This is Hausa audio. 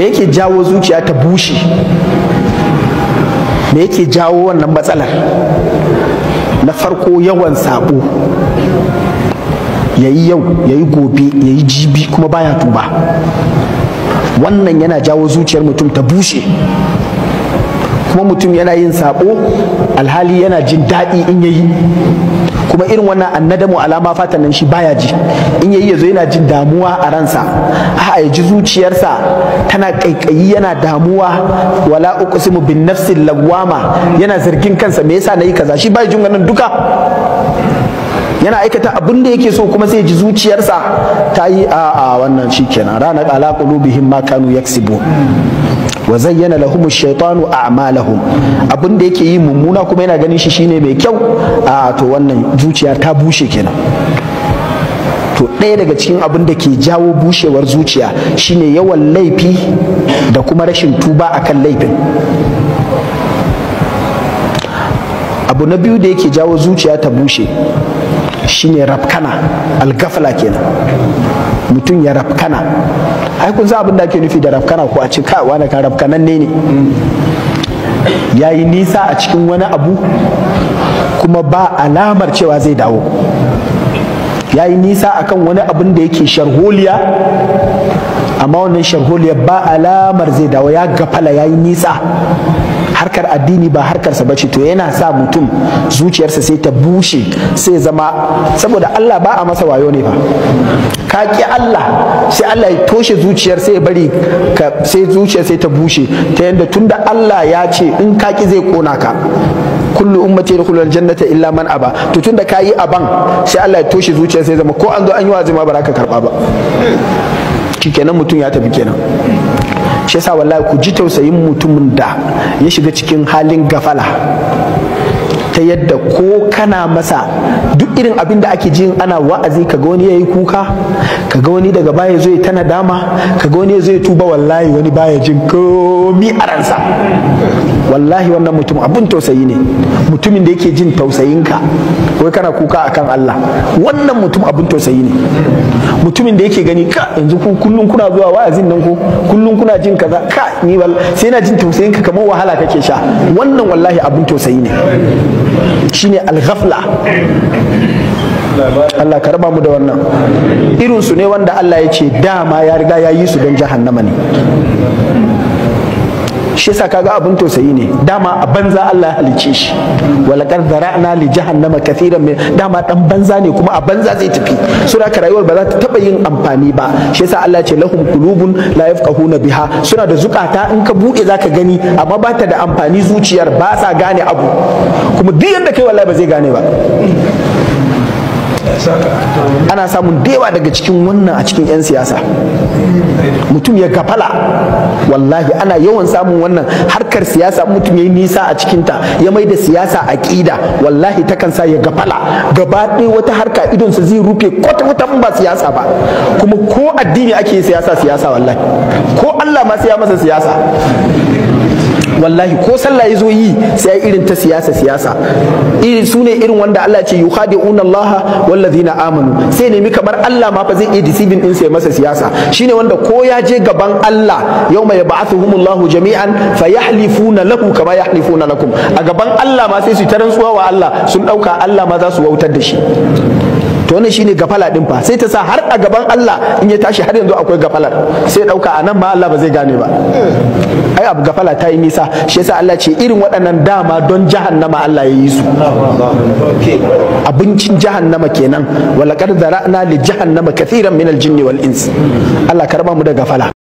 me yake jawo zuciya ta bushe me yake jawo wannan matsalar na farko yawan sabo ya yi yau ya yi gobe ya yi jibi kuma baya tuba wannan yana jawo zuciyar mutum ta bushe kuma mutum yana yin sabo alhali yana jin daɗi in yayi kuma irin wannan annadamu alama fatan nan shi baya ji in yayi yazo yana jin damuwa a ransa a ya ji zuciyarsa tana kaikayi yana damuwa wala uqsimu bin nafsil lawama yana zargin kansa me yasa nayi kaza shi baya jin wannan duka yana aikata abin da yake so kuma sai ji zuciyarsa ta yi a'a wannan wannan shikenan ranar ala qulubihim ma kanu yaksibu wa zayyana lahum ash-shaytanu a'malahum abin da yake yi mummuna kuma yana ganin shi shine mai kyau a to wannan zuciya ta bushe kenan to ɗaya daga cikin abin da ke jawo bushewar zuciya shine yawan laifi da kuma rashin tuba akan laifin abu na biyu da yake jawo zuciya ta bushe shine rafkana algafala kenan mutum ya rafkana ai kun san abin da ake nufi da rafkana ko a ce kai wani kan rafkanan ne ya yi nisa a cikin wani abu kuma ba alamar cewa zai dawo yayi nisa akan wani abin da yake sharholiya amma wannan sharholiya ba alamar zai dawo ya gafala yayi nisa harkar addini ba harkarsa bace to yana sa mutum zuciyarsa sai ta bushe sai zama saboda Allah ba a masa wayo ne ba ka ki Allah sai Allah ya toshe zuciyar sai ya bari sai zuciyar sai ta bushe ta yadda tunda Allah ya ce in ka ki zai kona ka kullu ummati yadkhulul jannata illa man aba to tunda yi aban sai Allah ya toshe zuciyar sai zama ko an zo an yi wa'azi ma ba za ka karba ba nan mutum ya tafi kenan shi yasa wallahi ku ji tausayin mutumin da ya shiga cikin halin gafala ta yadda ko kana masa duk irin abin da ake jin ana wa'azi kaga wani yayi kuka kaga wani daga baya zai ta nadama kaga wani zai tuba wallahi wani baya jin komi a ransa wallahi wannan mutum abun tausayi ne mutumin da yake jin tausayinka wai kana kuka akan Allah wannan mutum abun tausayi ne mutumin da yake gani ka yanzu ku kullun kuna zuwa wa'azin nan ko kullun kuna jin kaza ka ni wal sai na jin tausayin ka kamar wahala kake sha wannan wallahi abun tausayi ne shine alghafla Allah ka raba mu da wannan irinsu ne wanda Allah ya ce dama ya riga ya yi su don jahannama ne shi yasa kaga abin tausayi ne dama a banza Allah ya halice shi wala walaqad zara'na li jahannama kathiran min dama dan banza ne kuma a banza zai tafi suna ka rayuwar ba za ta taba yin amfani ba shi yasa Allah ce lahum qulubun la yafqahuna biha suna da zukata in ka bude zaka gani amma ba ta da amfani zuciyar ba sa gane abu kuma duk yanda kai wallahi ba zai gane ba ana samun dewa daga cikin wannan a cikin 'yan siyasa mutum ya gafala wallahi ana yawan samun wannan harkar siyasa mutum ya yi nisa a cikinta ya mai da siyasa a ƙida wallahi takan sa ya gafala gaba ɗaya wata harka idonsa zai rufe kwata-kwata ba siyasa ba kuma ko addini ake siyasa siyasa wallahi ko Allah ma sai ya masa siyasa wallahi ko sallah ya zo yi sai irin ta siyasa siyasa irin su irin wanda Allah ce yukhadi'una Allah wallazina amanu sai nemi kamar Allah ma fa zai iya deceiving din sai masa siyasa shine wanda ko ya je gaban Allah yauma yab'athuhumullahu jami'an fayahlifuna lahu kama yahlifuna lakum a gaban Allah ma sai su ta rantsuwa wa Allah sun dauka Allah ma za su wautar da shi to wannan shine gafala din fa sai ta sa har a gaban Allah in ya tashi har yanzu akwai gafalar sai dauka anan ma Allah ba zai gane ba ai abu gafala ta yi nisa shi yasa Allah ce irin waɗannan dama don jahannama Allah ya yi su abincin jahannama kenan walaqad zara'na li jahannama kathiran min al-jinni wal ins Allah karba mu da gafala